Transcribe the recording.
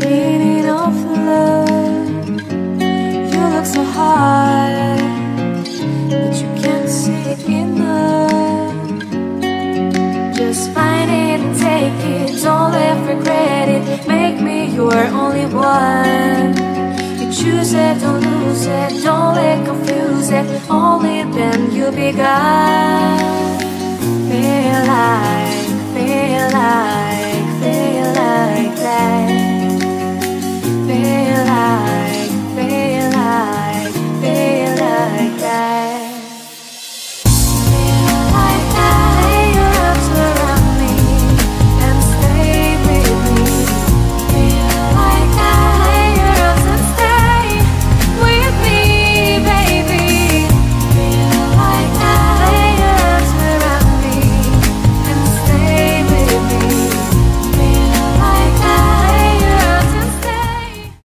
beating of love You look so high But you can't see it enough Just find it and take it Don't let regret it Make me your only one You choose it, don't lose it Don't let confuse it Only then you will be God